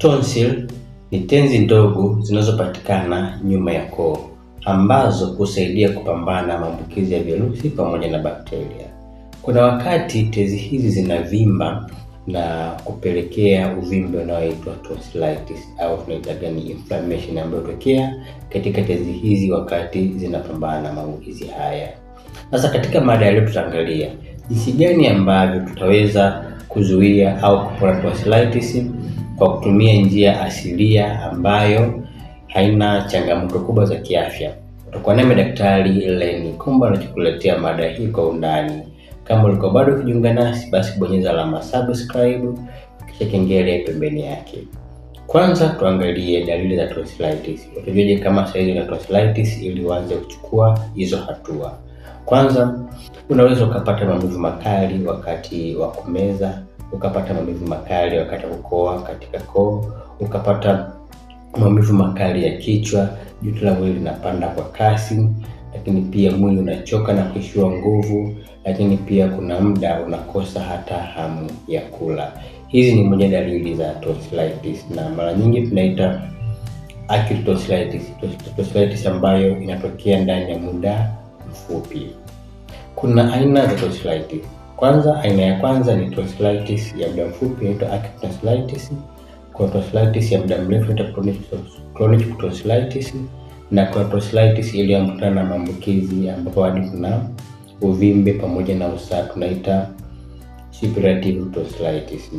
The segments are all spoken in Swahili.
Tonsil ni tenzi ndogo zinazopatikana nyuma ya koo ambazo husaidia kupambana na maambukizi ya virusi pamoja na bakteria. Kuna wakati tezi hizi zinavimba na kupelekea uvimbe unaoitwa tonsillitis au tunaita ni inflammation ambayo katika tezi hizi wakati zinapambana na maambukizi haya. Sasa katika mada ya leo tutaangalia jinsi gani ambavyo tutaweza kuzuia au kupona tonsillitis kwa kutumia njia asilia ambayo haina changamoto kubwa za kiafya. Utakuwa nami Daktari Leni Komba anachokuletea mada hii kwa undani. Kama uliko bado kujiunga nasi, basi bonyeza alama subscribe kisha kengele pembeni yake. Kwanza tuangalie dalili za tonsillitis. Utajuaje kama saizi na tonsillitis ili uanze kuchukua hizo hatua? Kwanza, unaweza ukapata maumivu makali wakati wa kumeza ukapata maumivu makali wakati wa kukoa katika koo, ukapata maumivu makali ya kichwa, joto la mwili linapanda kwa kasi, lakini pia mwili unachoka na kuishiwa nguvu, lakini pia kuna muda unakosa hata hamu ya kula. Hizi ni moja dalili za tonsillitis na mara nyingi tunaita acute tonsillitis, tonsillitis ambayo inatokea ndani ya muda mfupi. Kuna aina za tonsillitis. Kwanza aina ya kwanza ni tonsillitis ya muda mfupi inaitwa acute tonsillitis. Kuna tonsillitis ya muda mrefu inaitwa chronic chronic tonsillitis na kuna tonsillitis iliyoambatana na maambukizi ambapo hadi kuna uvimbe pamoja na usaha tunaita suppurative tonsillitis.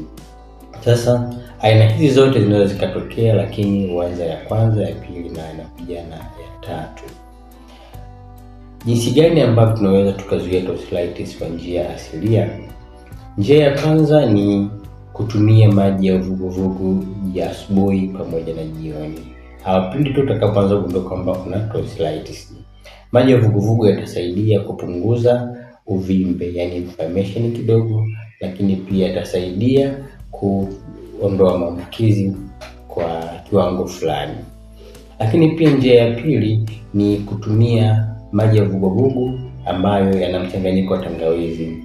Sasa aina hizi zote zinaweza zikatokea, lakini huanza ya kwanza, ya pili na inakujana ya tatu. Jinsi gani ambavyo tunaweza tukazuia tonsillitis kwa njia asilia? Njia ya kwanza ni kutumia maji ya vuguvugu ya asubuhi pamoja na jioni, au pindi tu utakapoanza kugundua kwamba kuna tonsillitis. Maji ya vuguvugu yatasaidia kupunguza uvimbe, yani inflammation kidogo, lakini pia yatasaidia kuondoa maambukizi kwa kiwango fulani. Lakini pia njia ya pili ni kutumia maji ya vuguvugu ambayo yana mchanganyiko wa tangawizi.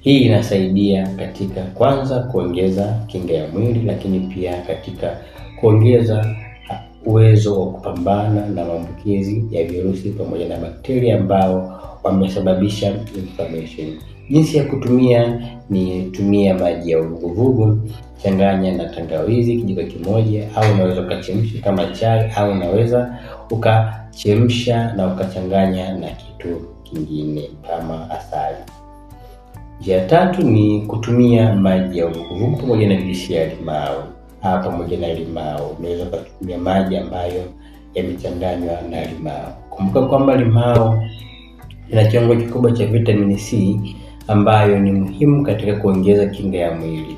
Hii inasaidia katika kwanza kuongeza kinga ya mwili, lakini pia katika kuongeza uwezo wa kupambana na maambukizi ya virusi pamoja na bakteria ambao wamesababisha inflammation. Jinsi ya kutumia ni tumia maji ya uvuguvugu, changanya na tangawizi kijiko kimoja, au unaweza ukachemsha kama chai, au unaweza ukachemsha na ukachanganya na kitu kingine kama asali. Njia tatu ni kutumia maji ya uvuguvugu pamoja na juisi ya limao pamoja na limao. Unaweza ukatumia maji ambayo yamechanganywa na limao. Kumbuka kwamba limao ina kiwango kikubwa cha vitamini C ambayo ni muhimu katika kuongeza kinga ya mwili.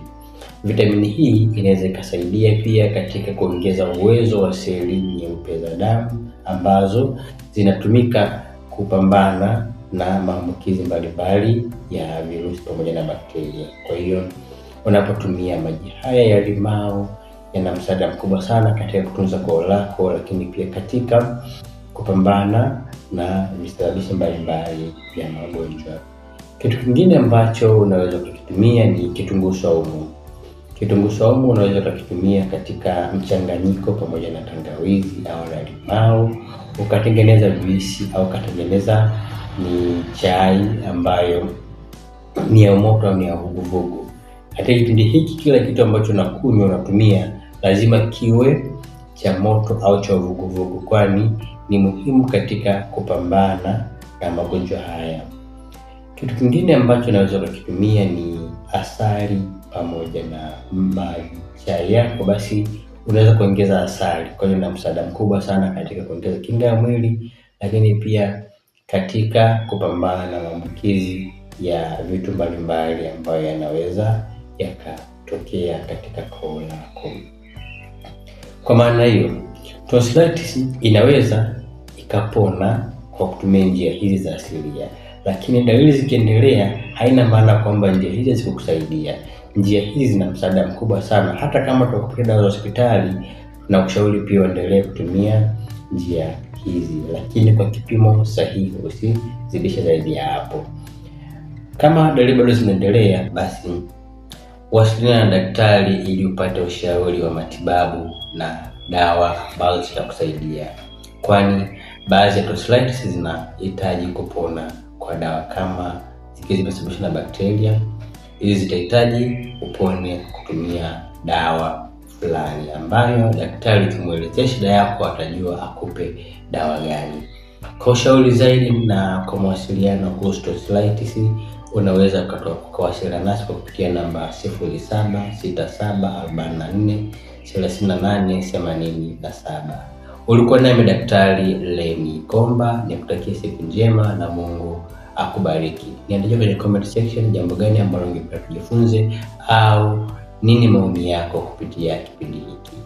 Vitamini hii inaweza ikasaidia pia katika kuongeza uwezo wa seli nyeupe za damu ambazo zinatumika kupambana na maambukizi mbalimbali ya virusi pamoja na bakteria. Kwa hiyo unapotumia maji haya ya limao yana msaada mkubwa sana katika kutunza koo lako, lakini pia katika kupambana na visababishi mbalimbali vya magonjwa. Kitu kingine ambacho unaweza ukakitumia ni kitunguu saumu. Kitunguu saumu unaweza ukakitumia katika mchanganyiko pamoja na tangawizi au na limau, ukatengeneza juisi au ukatengeneza ni chai ambayo ni ya moto au ni ya vuguvugu. Katika kipindi hiki, kila kitu ambacho unakunywa unatumia lazima kiwe cha moto au cha vuguvugu, kwani ni muhimu katika kupambana na magonjwa haya. Kitu kingine ambacho unaweza ukakitumia ni asali pamoja na maji. Chai yako basi unaweza kuongeza asali, kwa hiyo msaada mkubwa sana katika kuongeza kinga ya mwili, lakini pia katika kupambana na maambukizi ya vitu mbalimbali ambayo yanaweza yakatokea katika koo lako. Kwa maana hiyo, tosilatis inaweza ikapona kwa kutumia njia hizi za asilia lakini dalili zikiendelea, haina maana kwamba njia hizi hazikukusaidia. Njia hizi zina msaada mkubwa sana, hata kama tukupitia dawa za hospitali na ushauri pia uendelee kutumia njia hizi, lakini kwa kipimo sahihi, usizidisha zaidi ya hapo. Kama dalili bado zinaendelea, basi wasiliana na daktari ili upate ushauri wa matibabu na dawa ambazo zitakusaidia, kwani baadhi ya tonsillitis zinahitaji kupona kwa dawa kama zikiwa zimesababishwa na bakteria. Hizi zitahitaji upone kutumia dawa fulani ambayo daktari ukimwelezea shida yako atajua akupe dawa gani. Kwa ushauri zaidi na kwa mawasiliano kuhusu unaweza ukawasiliana nasi kwa kupitia namba 0767443887. Ulikuwa naye Daktari leni Komba, nikutakia siku njema na Mungu akubariki. Niandike kwenye comment section jambo gani ambalo ungependa tujifunze au nini maoni yako kupitia kipindi hiki.